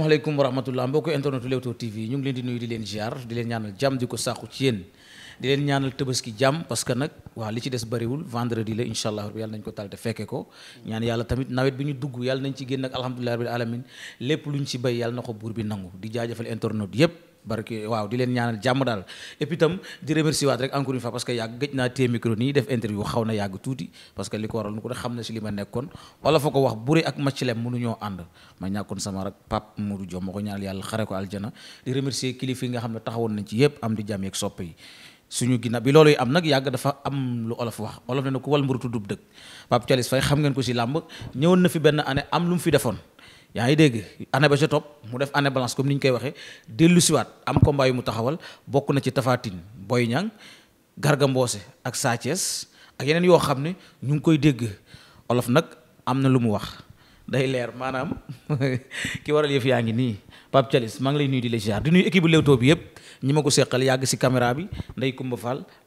asalaamaaleykum wa rahmatullah mbokku internetu Leewtoo TV ñu ngi leen di nuyu di leen ziar di leen ñaanal jàmm di ko sàqu ci yéen di leen ñaanal tabaski jàmm parce nag waaw li ci des bariwul vendredi la incha allah yàlla nañ ko tal te fekke ko ñaan yàlla tamit nawet bi ñu dugg yàlla nañ ci génn ak alhamdulillahi rabbil alamin lépp luñ ci bay yàlla na ko buur bi nangu di jaajëfal internet yépp barke waaw di leen ñaanal jàmm daal et puis itam di remercier waat rek encore une fois yàgg gëj naa téye micro nii def interview xaw na yàgg tuuti parce que li ko waral nu ko de xam na si li ma nekkoon wala fa ko wax buri ak macilem mënuñoo ànd ma ñàkkoon sama rak Pape Modou Diop ma ko ñaanal yàlla xare ko aljana di remercier kilifa yi nga xam ne taxawoon nañ ci yëpp am di jàmm yeeg soppe yi suñu ginnaaw bi loolu yi am nag yàgg dafa am lu olof wax olof ne na ku wal mbarutu dub dëkk xam ngeen ko si làmb ñëwoon na fi benn année am lu mu fi defoon yaa ngi dégg année ba ca topp mu def année balance comme ni ñu koy waxee dellu am combat yu mu taxawal bokk na ci Tafatine Boy Niang Garga Mbossé ak Sa Thiès ak yeneen yoo xam ne ñu ngi koy dégg olof nag am na lu mu wax day leer maanaam ki waral yëf yaa ngi nii Pape Thialis maa ngi lay nuy di la ziar di nuyu équipe Leewtoo bi yëpp ñi ma ko seqal yàgg si caméra bi Ndeye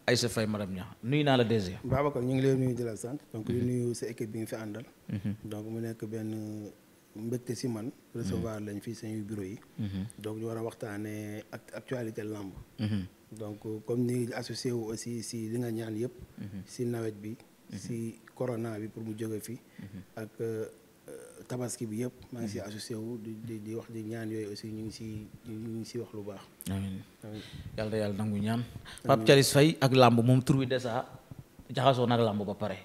ay sa Aïssa ma madame Niang nuyu naa la DG. Babacar ñu ngi lay nuyu di la sant donc di nuyu sa équipe bi nga fi àndal. Mhm. mbégte si man mm-hmm. recevoir lañ fii seen bureau yi mm-hmm. donc ñu war a waxtaanee ak actualité làmb mm-hmm. donc comme ni associé wu aussi si li nga ñaan yëpp si nawet bi si corona bi pour mu jóge fi ak euh, tabaski bi yëpp maa ngi si associé wu di di wax di ñaan yooyu aussi ñu ngi si ñu ngi si wax lu baax amiin yàlla nangu ñaan Pape Thialis Faye ak làmb moom tur wi desaa jaxasoo nag làmb ba pare.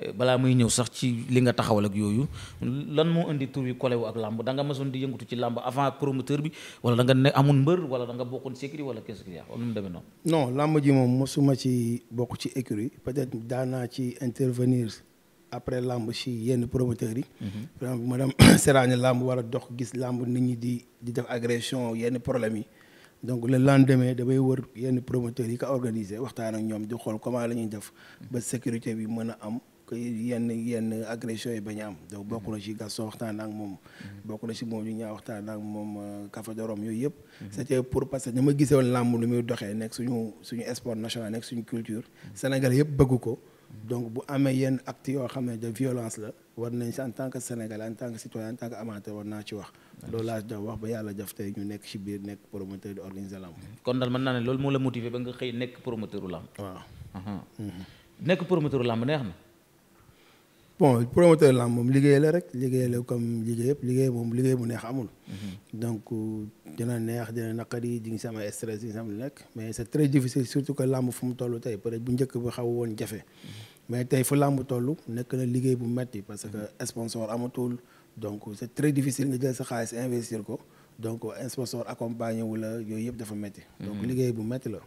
Eh, balaa muy ñëw sax ci li nga taxawal ak yooyu lan moo indi tur wi kolewu ak làmb da nga mësoon di yëngatu ci làmb avant promoteur bi wala da nga ne amul mbër wala da nga bokkoon ci écurie wala quest a wala nu non làmb ji moom mosuma ci bokk ci écurie peut-être daanaa ci intervenir. après làmb ci yenn promoteurs yi. Mhm. par exemple madame Serane làmb war a dox gis làmb nit ñi di def agression yenn problème yi. donc le lendemain damay wër yenn promoteurs yi ko organisé waxtaan ak ñoom di xool comment la ñuy def ba sécurité bi mën a am yenn yenn agression yi bañ am donc bokk na ci Gaston waxtaan ak moom bokk na ci moom ñu ñaa waxtaan ak moom Kafa euh, Dorom yooyu yëpp c'était pour parce que dama gisewoon làmb lu muy doxee nekk suñu suñu sport national nekk suñu culture Sénégal yëpp bëgg ko donc bu amee yenn act yoo xam ne de violence la war nañ si en tant que sénégalais en tant que citoyen en tant que amateur war naa ci wax. loolu laa wax ba yàlla def tey ñu nekk ci biir nekk promoteur di organiser lamb. kon daal mën naa ne loolu moo la motiver ba nga xëy nekk promoteur lamb. waaw. Mhm. nekk promoteur lamb neex na. bon promoteur lamb moom liggéey la rek liggéey la comme liggéey yëpp liggéey bu neex amul. Mhm. donc euh, dina neex dina naqari di nga si am ay stress di nga si am lu nekk mais c'est très difficile surtout que lamb fu mu tey bu njëkk bi xaw woon jafe. Mhm. mais tey fu lamb toll nekk na liggéey bu metti parce que mhm. sponsor amatul donc c'est très difficile nga jël sa xaalis investir ko. donc sponsor accompagné wu la yooyu yëpp dafa métti. donc liggéey bu métti la.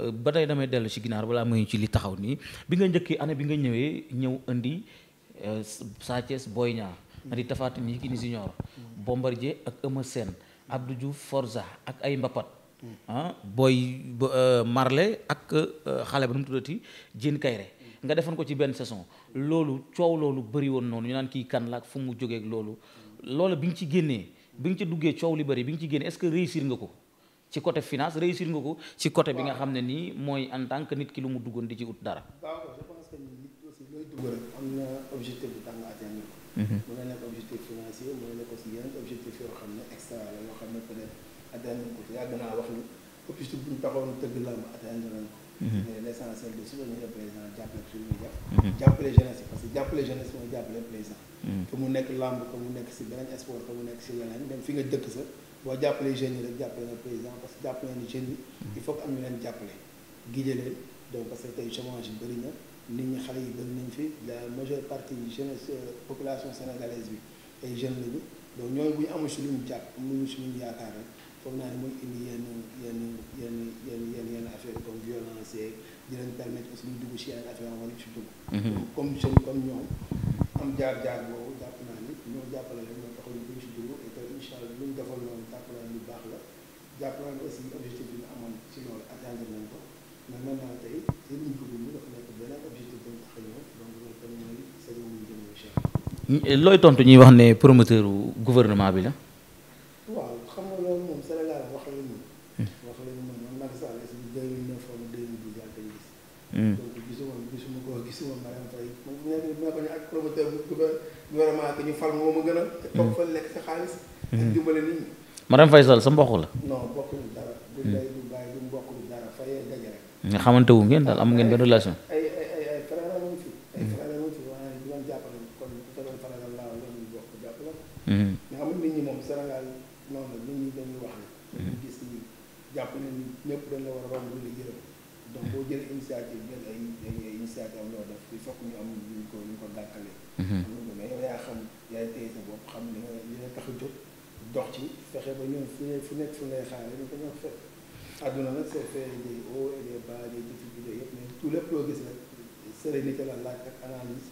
Euh, ba tey damay dellu ci ginnaar balaa muy li taxaw nii Euh, Sa Thiès Boy Niang na di Tapha Tine Yékini Junior Bombardier ak Eumeu Sène Abdou ju Forza ak ay mbapat ah booy euh, Marley ak euh, xale ba nu mu tuddati Diène Kayré nga defoon ko ci benn saison loolu coow loolu bëri woon noonu ñu naan kii kan la ak fu mu jógeek loolu loolu bi nga ci génnee bi nga ci duggee coow li bëri bi nga ci génnee est-ce que réussir nga ko ci côté finance réussir nga ko ci côté bi nga xam ne nii mooy en tant que nit ki lu mu duggoon di ci ut dara gërëm am na objectif bu tàng atteindre ko. mën mhm. na nekk objectif financier mën na nekk aussi yeneen objectif yoo xam ne extra la yoo xam ne peut être atteindre ko te yàgg naa wax ni objectif bu ñu taxawoon tëgg la ma atteindre nañ ko. Mhm. mais l' essentiel de suba ñu ne président jàppale suñu jàpp. Mhm. jàppale jeunesse parce que jàppale jeunesse mooy jàppale président. que mu nekk làmb que mu nekk si beneen sport que mu nekk si leneen même fi nga dëkk sa boo jàppalee jeunes yi rek jàppale nga président parce que jàppale ni jeunes yi. il faut que am ñu leen jàppale. guider leen donc parce que tey chômage yi bëri na. nit ñi xale yi bëri nañ fi la majeure partie jeunesse euh, population sénégalaise bi ay jeunes lañu donc ñooñu bu ñu amul si luñu jàpp amuñu si luñu yaakaar rek foog naa ne mooy indi yenn yenn yenn yenn yenn yenn affaire comme violence yeeg di leen permettre aussi ñu dugg si yenn affaire wala si dugg. Mhm. comme jeune comme ñoom am jaar-jaar boobu jàpp naa ni ñoo jàppale rek ñoo taxaw ñu duñ si dugg et que incha allah lu ñu defoon noonu jàpp naa lu baax la jàpp naa aussi objectif bi amoon si loolu atteindre nañ ko looy tontu ñuy wax ne promoteur gouvernement bi la. waaw xam moom Sénégal wax la ñu. wax la ñu ak gis. Hmm. donc gisuma mu ne ko ñu fal moo ma gën a. Hmm. te toog fa lekk sa xaalis. ak hmm. dimbale nit ñi. Marième Faye Sall sa mbokk la. non mbokk dara. du ndey du bàyyi du mbokk dara fayee daje nga xamante ngeen daal am ngeen benn relation. ñëpp dañ la war a romb lu la yërëm donc boo jël initiative jël ay ay initiative am def fi faut ñu am ñu ko ñu ko dàkkale mhm. mais yow yaa xam yaay téye sa xam ne nga li nga tax a jóg dox ci fexe ba ñoom fu fu nekk fu lay xaare ñu ko ñoo fekk àdduna nag c'est fait des hauts et des bas des difficultés yëpp mais tout lép loo gis rek sérénité la laaj ak analyse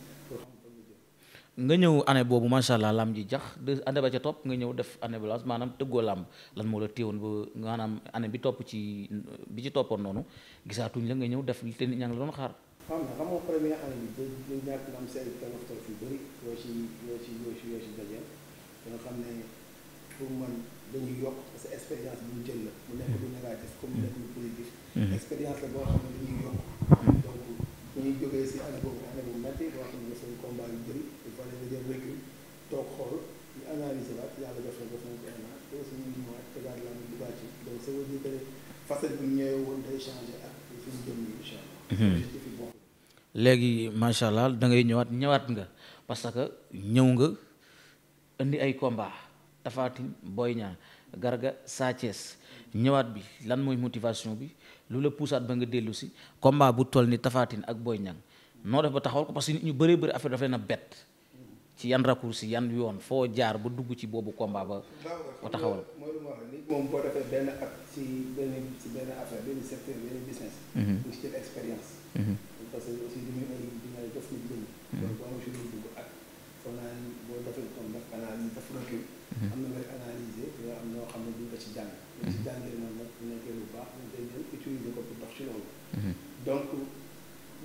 nga ñëw année boobu macha allah lam ji jax de année ba ca topp nga ñëw def année blanche maanaam tëggoo làmb lan moo la téewoon ba maanaam année bi topp ci bi ci toppoon noonu gisaatuñ la nga ñëw def te nit ñaa ngi la doon xaar. xam nga xam première année bi day day ñàkk nga am say tolof yu bëri yoo ci yoo ci yoo yoo xam ne pour man dañuy yokk parce expérience bu jël la. mu nekk lu négatif comme mu nekk lu positif. Mm-hmm. expérience la boo xam ne dañuy yokk. ñuy jógee léegi macha allah da ngay ñëwaat ñëwaat nga parce que ñëw nga indi ay combat Tapha Boy Niang Garga Sa Thiès ñëwaat bi lan mooy motivation bi. lu la puusaat ba nga dellu si combat bu toll ni Tapha ak booy Niang noo def ba taxawal ko parce que nit ñu bëree bëri affaire dafa leen a bett ci yan si yan yoon foo jaar ba dugg ci boobu combat ba ba taxawal ko moom boo defee benn at ci benn ci benn secteur benn business mu mhm. ci expérience mhm. parce am na ngay analyser noo xam ne duñ ci jàng ñu si jàngee moom mm-hmm. bu nekkee lu baax ñu dañ leen utiliser ko pour ci loolu donc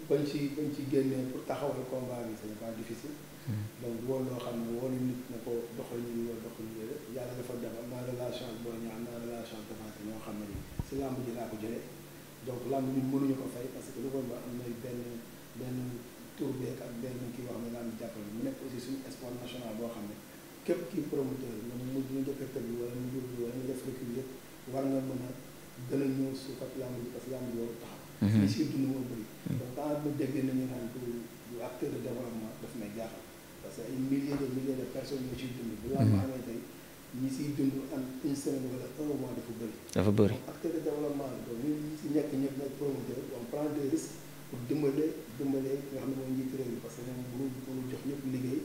bañ ci bañ ci génnee pour taxawal combat bi c'est pas difficile mm-hmm. donc woon loo xam ne woonu nit na ko doxal ñu war doxal ñu yële yàlla dafa defal ma relation ak boo ñaa am na relation ak defancé ñoo xam ne ni si làmb ji laa ko jëlee donc làmb ñun mënuñu ko fay parce que lu koon ba am nay benn benn tour beeg ak benn kii wax ne làmb mu nekk aussi suñu sport boo xam ne képp kii promoteur mu mujj ñu dëkk tëb bi jur bi wala war nga mën a gën a ñëw suufat lamb bi parce que lamb bi warul taxaw. Mhm. fii si dund moo bëri. Mhm. donc quand ma déggee nañu naan du acteur de développement daf may jaaxal parce que ay milliers de milliers de personnes ñoo siy dund. bu lamb amee tey ñi siy dund am une semaine wala dafa bëri. dafa bëri acteur de développement la donc ñun si nekk ñëpp nag promoteur on prend des risques pour dimbale dimbale nga xam ne mooy njiit réew parce que moom mënul mënul jox ñëpp liggéey.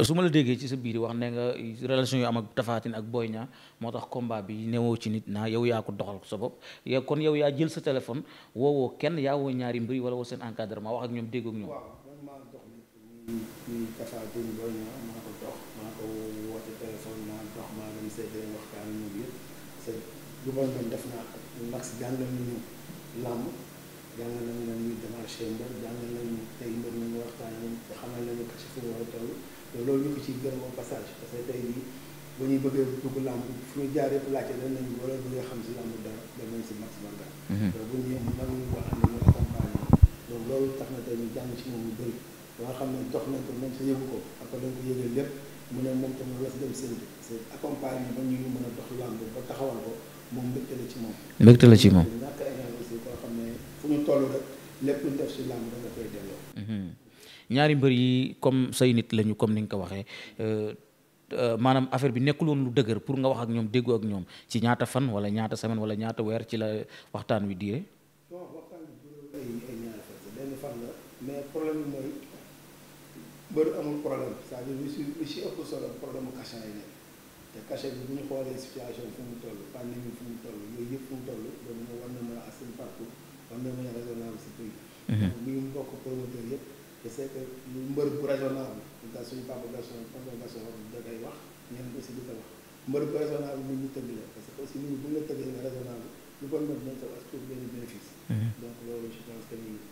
su ma la déggee ci sa biir wax ne nga relation yu am ak Tapha Tine ak Boy Niang moo tax combat bi newoo ci nit naa yow yaa ko doxal sa bopp yow kon yow yaa jël sa téléphone woowoo kenn yaa woo ñaari mbir wala woo seen encadrement wax ak ñoom déggoog ñoom. waaw man maa dox ni Tapha Tine Boy Niang maa ko dox maa ko woote maa dox maa dem seete waxtaan ñoom yëpp c'est lu bon man naa ko max jàngal nañu làmb jàngal nañu ñuy démarché mbër jàngal nañu tey mbër ñu waxtaan xamal nañu ko a loolu ñu ko ciy gërëm au passage parce que tey jii ba ñuy bëggee dugg làmb fu ñu jaar yëpp laajte dañ nañu wala bu nga xam si làmb dara dem si maximum dara mhm. donc bu loolu tax na tey ñu jàng ci moom lu bëri ba xam ne dox nañ ko même sa yëgu ko après dañ ko yëgee lépp mu ne moom tamit las dem seen bi c' est ba ñu mën a dox làmb ba taxawal ko moom mbégte la ci moom mbégte la ci moom xam ne fu ñu toll lépp lu ñu def si ñaari mbër yi comme say nit lañu comme ni nga ko waxee euh, euh, maanaam affaire bi nekkul woon lu dëgër pour nga wax ak ñoom déggoo ak ñoom ci ñaata fan wala ñaata semaine wala ñaata weer ci la waxtaan wi diire. mais problème bi mooy mbër amul problème c'est-à-dire si ëpp solo problème mu yi nekk te cachet bi bu xoolee situation fu mu toll pandémie fu yooyu yëpp fu mu toll war na mën a assurer parcours war na mën a raisonnable si prix. Mhm. donc ñu je sais que mbër bu raisonnable da suñu papa garçon papa garçon da koy wax ñeneen aussi di ko wax ñu tëgg la parce que aussi nit ñi bu ñu la tëggee nga raisonnable lu bon mën nañ sa wax mhm. que ni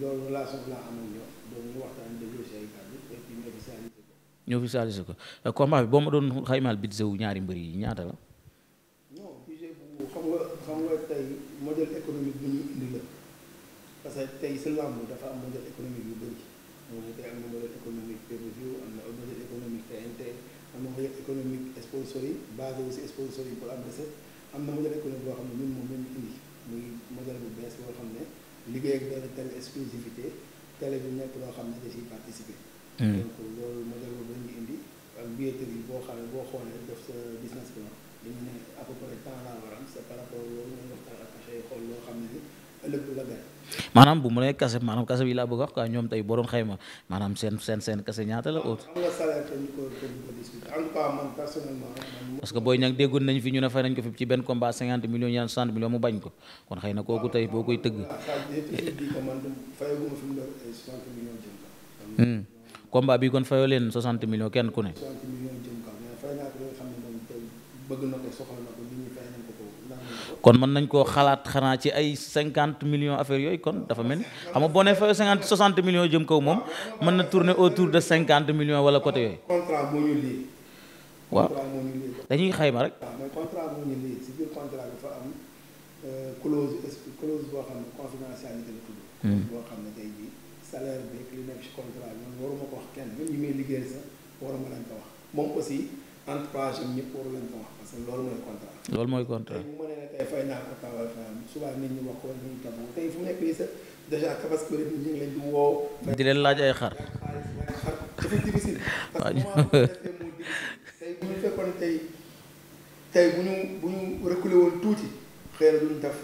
ñu waxtaan déggoo si ay kàddu et puis ñu officialisé ko ñu euh, bi boo ma doon xaymaal budget ñaari mbër yi ñaata la non budget bu xam nga xam nga tey modèle économique bu parce que tey si làmb dafa am modèle économique yu bëri moom tey am na modèle économique pay-per-view am na modèle économique TNT am na modèle économique am na modèle économique boo xam ne ñun moom la ñu indi muy modèle bu bees boo xam ne liggéey ak benn télé exclusivité télé bi nekk loo xam ne da ciy participer. Hmm. donc loolu modèle boobu la ñuy indi ak billetterie boo xam ne boo xoolee def sa business plan dañu ne à peu près temps laa waram par rapport loolu nga waxtaan ak cachet xool loo xam ne ni. ëllëg du la benn maanaam bu mu nee kase maanaam kase bi laa bëgg wax quoi ñoom tey boo doon ma maanaam seen seen seen kase ñaata la oto am parce que booy ñag déggoon nañ fi ñu ne fay nañ ko fi ci benn combat 50 millions ñu naan 60 millions mu bañ ko kon xëy na kooku tey boo koy tëgg. Ah, hmm. combat bi kon fayoo leen 60 millions kenn ko nga kon mën nañ koo xalaat xanaa ci ay cinquante millions affaire yooyu kon dafa mel ni xam nga boo nee fa cinquante soixante millions jëm kaw moom mën na tourner autour de cinquante millions wala côté yooyu. contrat ñu lii. waaw dañuy xayma rek. waaw mooy euh, boo xam ne confidentialité la tudd. Hmm. liggéey sax waruma entourage am ñëpp waru leen parce que loolu mooy contrat. loolu mooy contrat tey bu ma tey fay naa ko taw wala fayam ñi wax ko nit ñi nii sax ñu ngi leen di woo. di leen laaj ay xar. xar dafa difficile. parce que moment bi tey bu ñu fekkoon tey tey bu ñu bu tuuti xëy def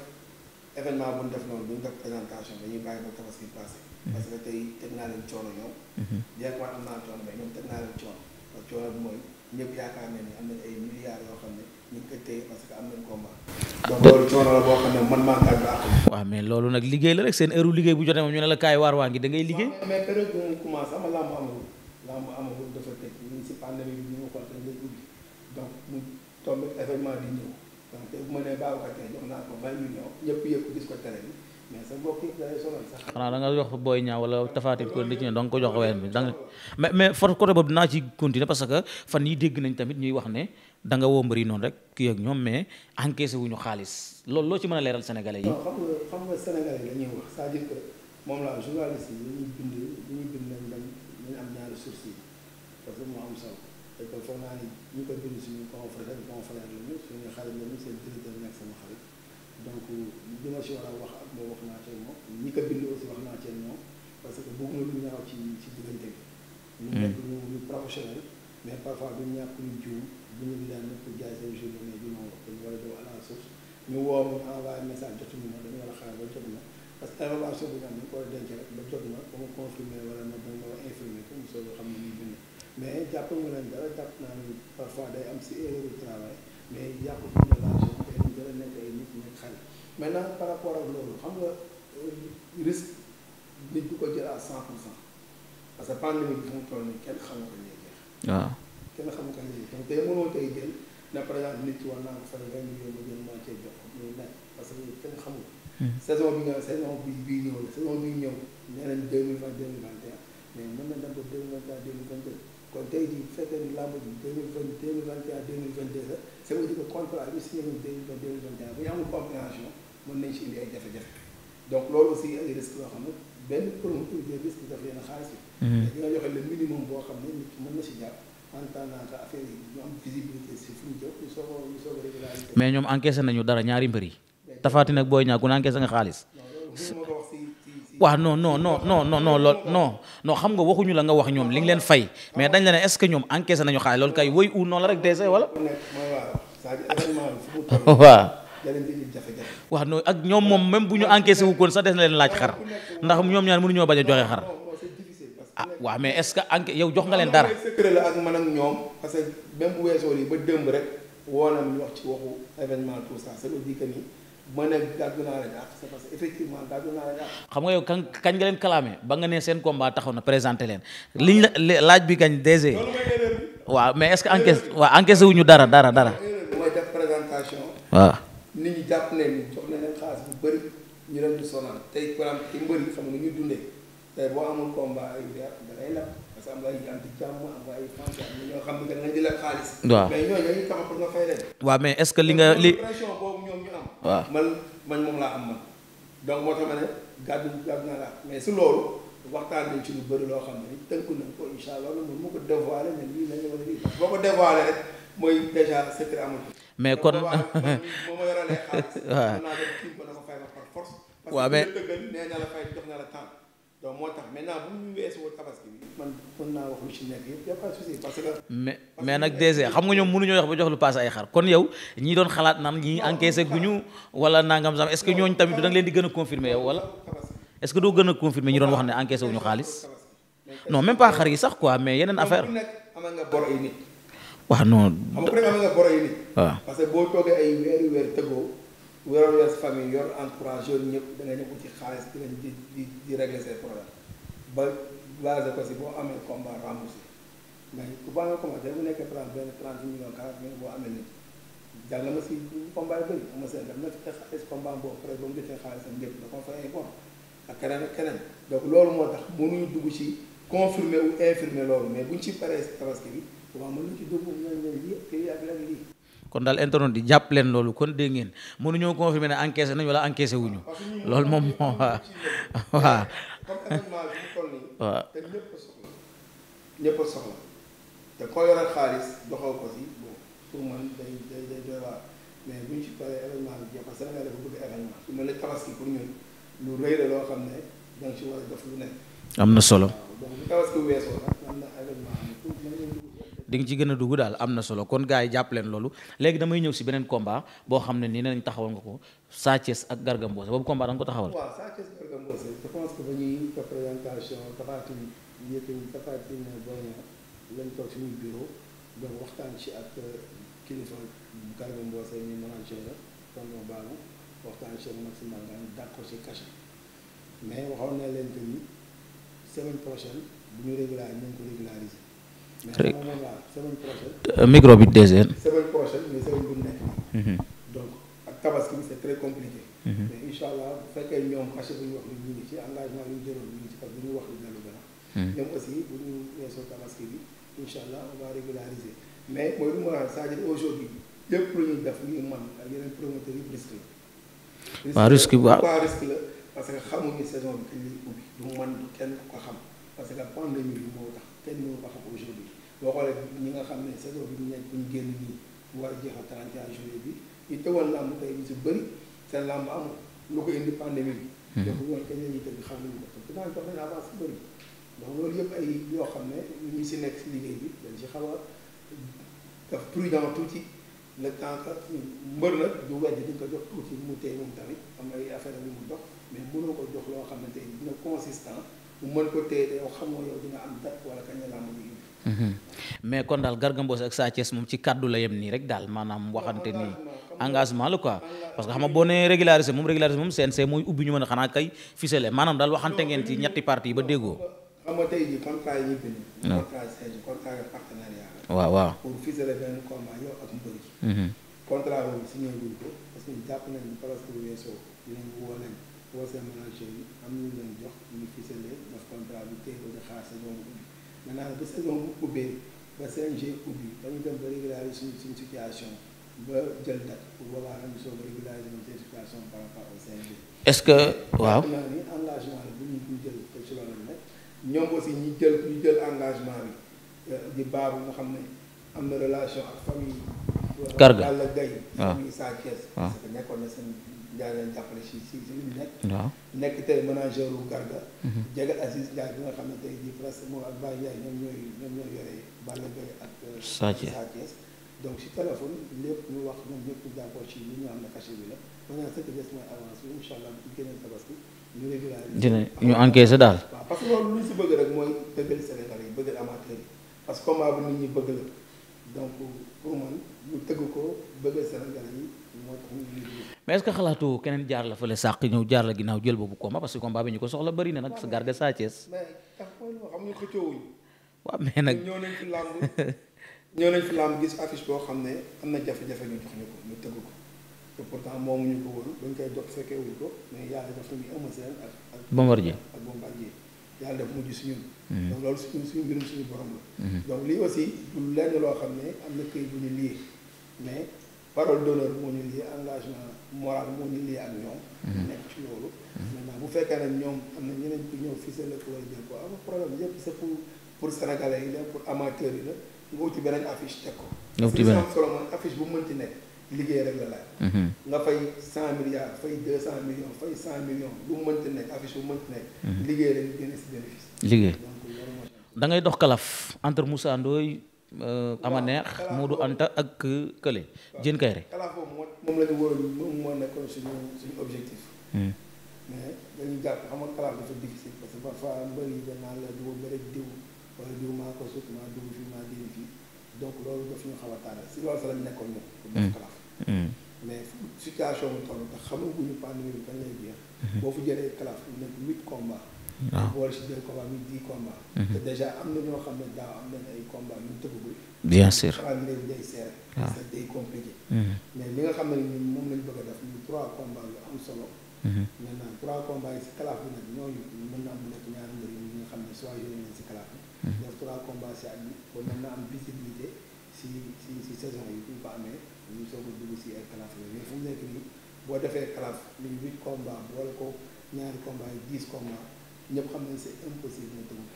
événement bu ñu def noonu duñ def présentation dañuy bàyyi ba tabaski passé. Mm-hmm. parce que tey teg naa leen coono ñoom. Mm-hmm. bien que am naa coono mais ñoom teg naa leen coono parce coono bi mooy. ñëpp yaakaar nañ ne am nañ ay milliards yoo xam ne ñu parce que am nañ combat. donc loolu boo xam ne man maa ngi àgg ak. mais loolu nag liggéey la seen heure liggéey bu jotee moom ñu ne la kaay waar waa ngi da ngay liggéey. mais période bi moom commencé ama bi ñu bu ma nee baaxul ak tey yëpp gis ko télé bi. xanaa da nga jox booy ñaaw wala tafaatin ko li ci ne da nga ko jox ween bi danga mais mais for côté boobu dinaa ci continuer parce que fan yi dégg nañ tamit ñuy wax ne da nga woo mbër yi noonu rek kii ak ñoom mais wu ñu xaalis loolu loo ci mën a leeral sénégalais yi. non xam nga nga sénégalais la ñuy wax c'est-à-dire que yi ñuy bind bind nañ ñu am ñaari sources yi parce que naa ni ñu ñu suñu xarit la seen directeur nekk sama xarit donc li ma si war a wax ak moom wax naa cee moom ñi ko bind aussi wax naa cee moom parce que bëgguma lu ñaaw ci ci diggante bi. ñu nekk ñu ñu professionnel mais parfois du ñàkk ñu bu ñu leen mais du ma wax dañu war a ñu woo ma envoyé message jotuñu ma dañu war a xaar ba jot ma parce que information bi nga xam ne ko denc rek ba jot ma ba ma confirmé wala ma ba ma infirmé ko mu soog a xam ne ñu bind mais jàpp nga leen dara jàpp naa ne parfois day am si erreur de mais jàpp gën a nekk ay nit nekk xale maintenant par rapport ak loolu xam nga euh, risque nit du ko jël à cent pour cent parce que pandémie bi fu mu toll nii kenn xamu ko lay jeex. waaw kenn xamu ko lay jeex donc tey mënoo tey na par exemple nit war naa ko fay vingt millions nga jël moitié jox muy nekk parce que kenn xamu ko. Hmm. saison bi nga saison bi bii ñëw la saison bi ñëw nee nañ deux mille vingt deux mille vingt et un mais mën na dem ba kon tey jii bu fekkee ni làmb ji deux vingt deux mille vingt et un deux mille vingt deux la ça veut dire que contrat bi vingt deux mille bu ñu amul compréhension mën nañ ci indi donc loolu aussi ay risques yoo xam ne benn de risque daf leen xaalis bi mhm. di joxe le minimum boo xam ne nit mën na si jàpp en tant que affaire yi ñu am visibilité si fu ñu jëm ñu soog a ñu soog a régulariser mais ñoom encaissé nañu dara ñaari mbër yi Tapha Tine ak Boy Niang ku ne encaissé nga xaalis waaw non non non non no non lool non non xam nga waxuñu la nga wax ñoom li nga leen fay mais dañ la ne est que ñoom encaissé nañu xaalis loolu kay woy ou non la rek dese wala. waaw. waaw non ak ñoom moom même bu ñu encaissé wu koon sa des na leen laaj xar ndax ñoom ñaar mënuñoo bañ a joxe xar. ah waaw mais est-ce que enca yow jox nga leen dara. ak man ak ñoom parce que même bu weesoo lii ba woo nañu ma xam nga yow kañ kañ nga leen kalaame ba nga ne seen combat taxaw na présenté leen li la laaj bi kañ DG. waaw mais est-ce que encaisse waaw encaissé wuñu dara dara da li nga li waaw man man moom laa am man donc moo tax ma ne gàddu gàddu naa la mais si loolu waxtaan nañ ci lu bëri loo xam ne tënku nañ ko incha allah loolu moom mu ko dévoilé ne lii nañu wala lii boo ko dévoilé rek mooy déjà secret amul. mais kon moom moo yoralee xaalis. waaw naa ko fay ma par force. waaw mais nee naa la fay jox naa la temps. donc moo tax de souci mais nag DG xam nga ñoom mënuñoo wax ba jox lu paase ay xar kon yow ñi doon xalaat naan ñii encaissé guñu wala nangam sam est ce que ñooñu tamit da nga leen di gën a confirmer yow wala doo gën a confirmer ñi doon wax ne encaissé wuñu xaalis non même pas xar yi sax quoi mais yeneen affaire. amal nga bor ay nit. yoroo yor famille yor entourage yor ñëpp da nga ñëw ci xaalis di leen di di di régler ses problèmes ba basé ko si boo amee combat remboursé mais boo amee combat dina nekk trente benn trente millions quarante millions boo amee nit jàll na ma si combat yu bëri ama seen daf na ci xaalis combat boobu après ba mu defee xaalisam ñëpp da ko fay ay bon ak keneen ak keneen donc loolu moo tax mënuñu dugg ci confirmer ou infirmer loolu mais buñ ci paree si tabaski bi waaw mën nañu ci dugg ñoom ñooy lii ak lii ak lii kon daal internet di jàpp leen loolu kon dégg ngeen mënuñoo confirmer ne encaissé nañ wala encaissé wuñu loolu moom moo waaw waaw ko am na solo di nga ci gën a dugg daal am na solo kon gaa yi jàpp leen loolu léegi damay ñëw si beneen combat boo xam ne nii nee nañ taxawal nga ko Sa Thiès ak Garga Mbossé boobu combat da ko taxawal. waaw Sa Thiès Garga Mbossé je pense que ba si présentation bureau doon waxtaan ci ak kilifa Garga Mbossé ñu manager la kon ma baalu waxtaan ci ak Maxime Ngane d'accord ci cachet mais waxoon na leen que bu ñu régulariser rek micro bi deuxième. semaine prochaine mais semaine bu nekk. Mhm. donc ak tabaski bi c'est très compliqué. Mhm. mais incha allah bu fekkee ñoom achat bi ñu wax ñu ngi ci engagement yi ñu jëloon ci parce que a. Mhm. bi incha allah on va régulariser mais mooy lu ma wax cest aujourd'hui lépp lu ñuy def ñu mën ak yeneen promoteurs yi risque la. waaw risque waaw risque la parce que xamuñu saison bi kañ lay ubbi du kenn ko xam parce que pandémie bi moo tax. kenn mënu ko xam aujourd'hui boo xoolee ñi nga xam ne saison bi ñu nekk bu ñu génn nii bu war a jeexal 31 juillet bi ñu tëwal làmb tey bi si bëri seen làmb amul lu ko indi pandémie bi donc woon kañ la ñuy tëgg xam nañu ko te jox ay yoo xam ne ñu si nekk si liggéey dañ si xaw a def prudent tuuti le temps que mbër nag du wedd di nga ko jox tuuti mu tey moom tamit am ay affaire bi mu dox mais mënoo ko jox loo xamante dina consistant bu mën ko mhm. mais kon daal Garga Mbossé ak Sa Thiès moom ci kàddu la yem nii rek daal maanaam waxante nii engagement la ko parce que xam boo nee régularisé moom régularisé moom CNC mooy ubbi ñu mën a xanaa kay ficelé maanaam daal waxante ngeen ci ñetti parti ba déggoo. xam waaw waaw conseil manager yi am nañu leen jox ñu ficelé def contrat bi téye ko di xaar saison bu ubbi maintenant ba saison bu ubbee ba CNG ubbi dañu dem ba situation ba jël date pour boobaa nag ñu a régulariser seen situation par ce que waaw naa ni engagement la bu ñu ñu jël te ci ñoom aussi ñu jël ñu jël engagement bi euh, di baaru nga xam ne am na relation ak famille. Karga Balla Gaye. waaw famille Sa Thiès. parce que nekkoon na seen. Ndiaye leen jàppale si si si li mu nekk. waaw nekk tey manager wu Garga. Mhm. jege Aziz Ndiaye bi nga xam ne tey jii presque moom ak Baye Ndiaye ñoom ñooy ñoom ñooy yore Balla Gaye ak. Euh, Sa Thiès donc si téléphone lépp ñu wax ñoom ñëpp ñu jàppoo ci li ñu am na cachet bi la maintenant ce qui des mooy avance bi incha allah bu ñu génnee tabaski ñu régulé. dina ñu encaissé daal. waaw parce que loolu lu ñu si bëgg rek mooy bëggal Sénégal yi bëggal amateur yi parce que combat bi nit ñi bëgg la. donc pour man ñu tëgg ko bëgg Sénégal yi moo tax ñu mais est-ce que xalaatu keneen jaar la fële sàq ñëw jaar la ginnaaw jël boobu combat parce que combat bi ñu ko soxla bëri na nag sa garga Sa Thiès. mais xam nga xëccoowuñu. waaw mais nag ñoo nañ ci làmb ñoo nañ ci làmb gis affiche boo xam ne am na jafe-jafe ñu jox ñu ko ñu tëgg ko te pourtant moomuñu ko woon dañ koy dox fekkee wuñ ko mais yàlla def nañu Eumeu Sène ak. Bombardier ak Bombardier. yàlla def mujj si ñun. Mm-hmm. donc loolu suñu suñu suñu borom la. Mm-hmm. donc lii aussi du lenn loo xam ne am na këyit bu ñu lii mais parole d'honneur moo ñu lii engagement moral moo ñu lii ak ñoom. Mm-hmm. nekk ci loolu. maintenant bu fekkee ne ñoom am na ñeneen ku ñëw seen lëkkaloo yi ko problème yëpp c'est pour pour sénégalais la pour amateurs yi la nga uti beneen affice teg ko. nga uti beneen solo man affiche bu mu mënti nekk. liggéey rek la laaj. Mhm. nga fay cent milliards fay deux cent millions fay cent millions lu mu mënti nekk affiche bu mu mënti nekk. Mhm. liggéey rek liggéey da dox kalaf entre Moussa Ndoye. Euh, ama neex Modou Anta ak euh, Kële Diène Kaïré. kalaf moom mhm. la ñu waroon diw maa ko sut maa dugg fii maa génn fii donc loolu daf ñu xaw a tànn si loolu sax la nekkoon moom. pour def kalaf. Hmm. mais situation bi toll ndax xamaguñu pandémie bi dañ lay jeex. Hmm. boo fi jëlee classe bi nekk huit combat. Ah. waaw boole si deux combat muy dix combat. Hmm. te déjà am na ñoo xam ne daaw am nañ ay combat yu tëggagul. bien sûr xam ne day seer. waaw ah. day compliqué. mais li nga xam ne ñun moom lañ bëgg a def ñu trois solo. maintenant trois combats yi si kalaaf bi nag ñooñu mën yi nga xam ne soit si kalaaf bi. def trois combats si at bi kon mën na am visibilité si si saison yi bu ñu ko amee. ñu soog a dugg si ay classe la mais nekk nii boo defee classe li huit boo boole ko ñaari combats yi dix combats ñëpp xam nañ si impossible nga